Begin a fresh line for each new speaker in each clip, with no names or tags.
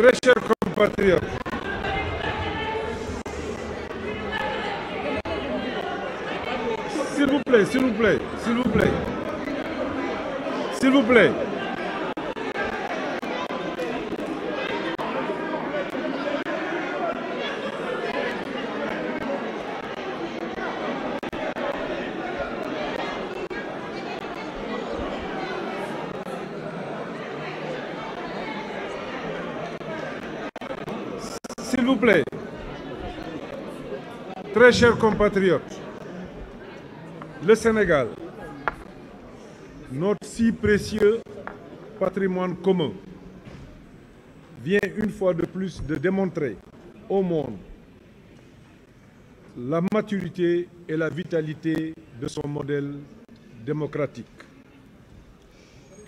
Très chers compatriotes, s'il vous plaît, s'il vous plaît, s'il vous plaît, s'il vous plaît. s'il vous plaît, très chers compatriotes, le Sénégal, notre si précieux patrimoine commun, vient une fois de plus de démontrer au monde la maturité et la vitalité de son modèle démocratique.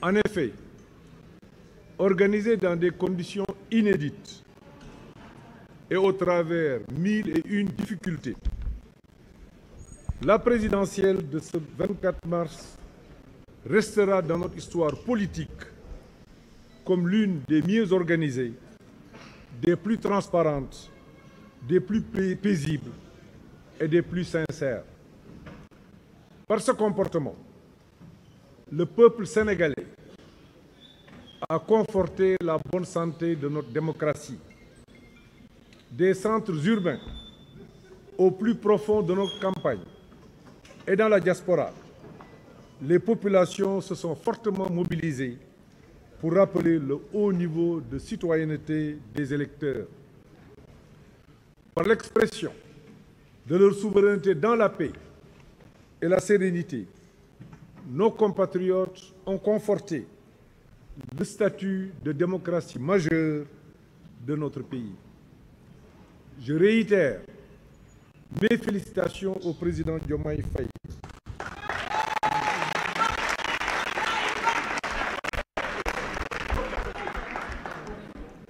En effet, organisé dans des conditions inédites, et au travers mille et une difficultés, la présidentielle de ce 24 mars restera dans notre histoire politique comme l'une des mieux organisées, des plus transparentes, des plus paisibles et des plus sincères. Par ce comportement, le peuple sénégalais a conforté la bonne santé de notre démocratie des centres urbains au plus profond de nos campagnes et dans la diaspora, les populations se sont fortement mobilisées pour rappeler le haut niveau de citoyenneté des électeurs. Par l'expression de leur souveraineté dans la paix et la sérénité, nos compatriotes ont conforté le statut de démocratie majeure de notre pays je réitère mes félicitations au président Diomaye Faye.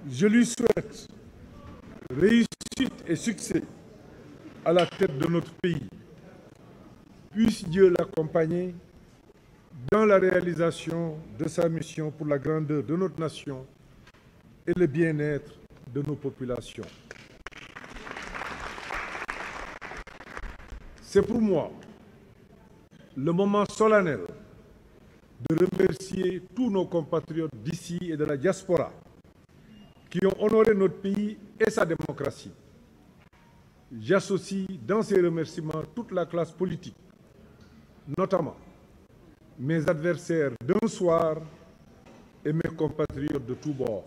Je lui souhaite réussite et succès à la tête de notre pays. Puisse Dieu l'accompagner dans la réalisation de sa mission pour la grandeur de notre nation et le bien-être de nos populations. C'est pour moi le moment solennel de remercier tous nos compatriotes d'ici et de la diaspora qui ont honoré notre pays et sa démocratie. J'associe dans ces remerciements toute la classe politique, notamment mes adversaires d'un soir et mes compatriotes de tous bords.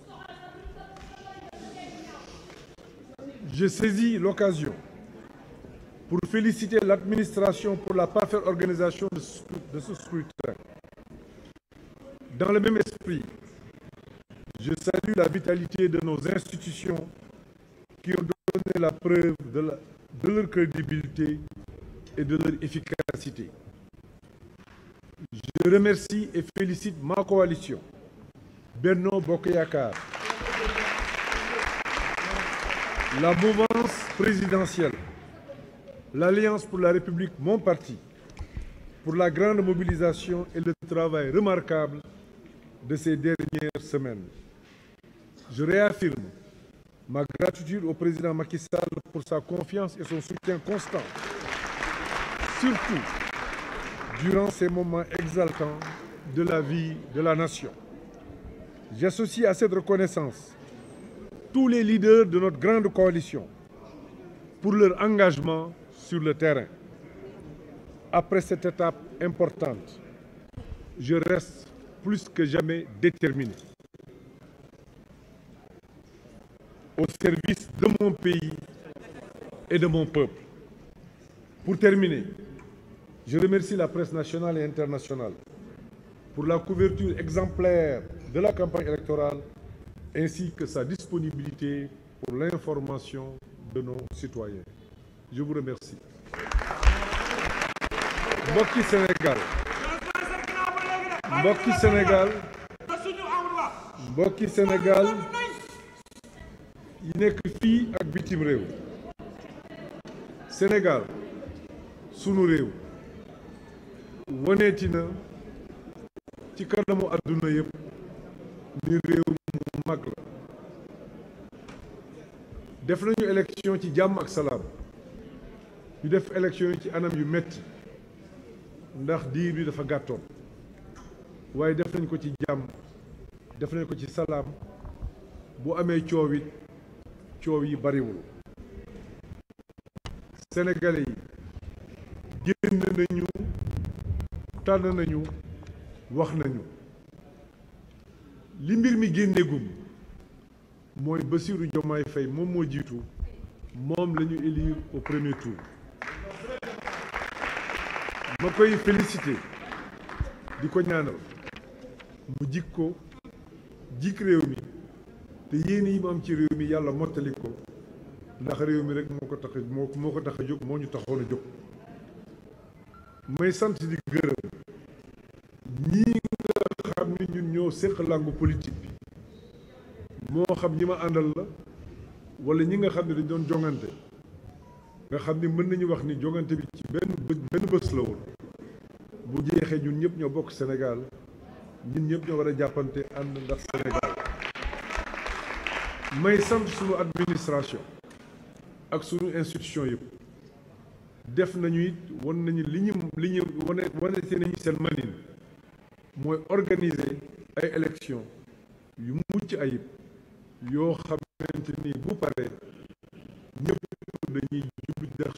Je saisis l'occasion pour féliciter l'administration pour la parfaite organisation de ce scrutin. Dans le même esprit, je salue la vitalité de nos institutions qui ont donné la preuve de, leur crédibilité et de leur efficacité. Je remercie et félicite ma coalition, Bernard Bokeyakar, la mouvance présidentielle, l'Alliance pour la République, mon parti, pour la grande mobilisation et le travail remarquable de ces dernières semaines. Je réaffirme ma gratitude au président Macky Sall pour sa confiance et son soutien constant, surtout durant ces moments exaltants de la vie de la nation. J'associe à cette reconnaissance tous les leaders de notre grande coalition pour leur engagement sur le terrain. Après cette étape importante, je reste plus que jamais déterminé au service de mon pays et de mon peuple. Pour terminer, je remercie la presse nationale et internationale pour la couverture exemplaire de la campagne électorale ainsi que sa disponibilité pour l'information de nos citoyens je vous remercie mbokki Sénégal mbokki Sénégal mbokki Sénégal n'est que fille ak bitim réew Sénégal sunu réew woneeti na ci kanamu àdduna ni réew mu mag la def nañu élection ci diam ak ñu def élection ci anam yu métti ndax diir bi dafa gàttoon waaye def nañ ko ci jàmm def nañ ko ci salaam bu amee coow it coow yi bariwul sénégalais yi génn nañu tànn nañu wax nañu li mbir mi génneegum mooy Bassirou Diomaye fay moom moo jiitu moom la ñu élire au premier tour ma koy félicité di ko ñaanal mu jik ko jik réew mi te yéen yi mu am ci réew mi yàlla mottali ko ndax réew mi rek moo ko tax moo ko tax a jóg moo ñu taxoon a jóg may sant di gërëm ñii nga xam ni ñun ñoo séq làngu politique bi moo xam ñi ma àndal la wala ñi nga xam ne dañ doon jongante nga xam ni mën nañu wax ni jogante bi ci benn benn bés la woon bu jeexee ñun ñëpp ñoo bokk Sénégal ñun ñëpp ñoo war a jàppante ànd ndax Sénégal may sant suñu administration ak sunu institution yëpp def nañu it wan nañu li ñu li ñu wane wanete nañu seen manin mooy organiser ay élection yu mucc ayib yoo xamante ni bu paree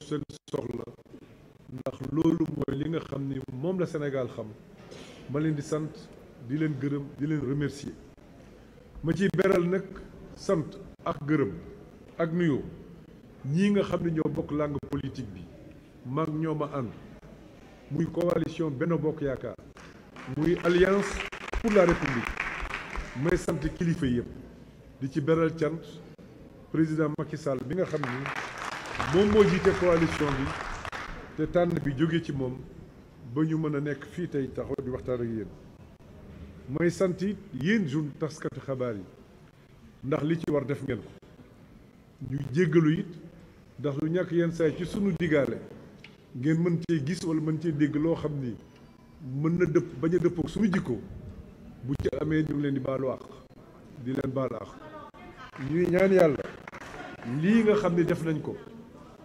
seen soxla ndax loolu mooy li nga xam ni moom la Sénégal xam ma leen di sant di leen gërëm di leen remercier ma ci beral nag sant ak gërëm ak nuyoo ñii nga xam ne ñoo bokk langue politique bi mag ñoo ma ànd muy coalition Benno Bokk Yaakaar muy alliance pour la république may sant kilifa yëpp di ci beral cant président Macky bi nga xam ni mom mo jité coalition bi té tan bi joggé ci mom ba ñu mëna a nekk fii tey di waxtaan ak yeen may sant it yéen jour taskatu xabaar yi ndax li ci war def ngeen ko ñu jéggelu it ndax lu ñak yeen say ci suñu digalé ngeen mën ci gis wala mën ci dégg lo xamni mën na depp baña depp ak suñu jikko bu ci amé ñu leen di balu wax di leen baalu àq ñuy ñaan yalla li nga xamni def nañ ko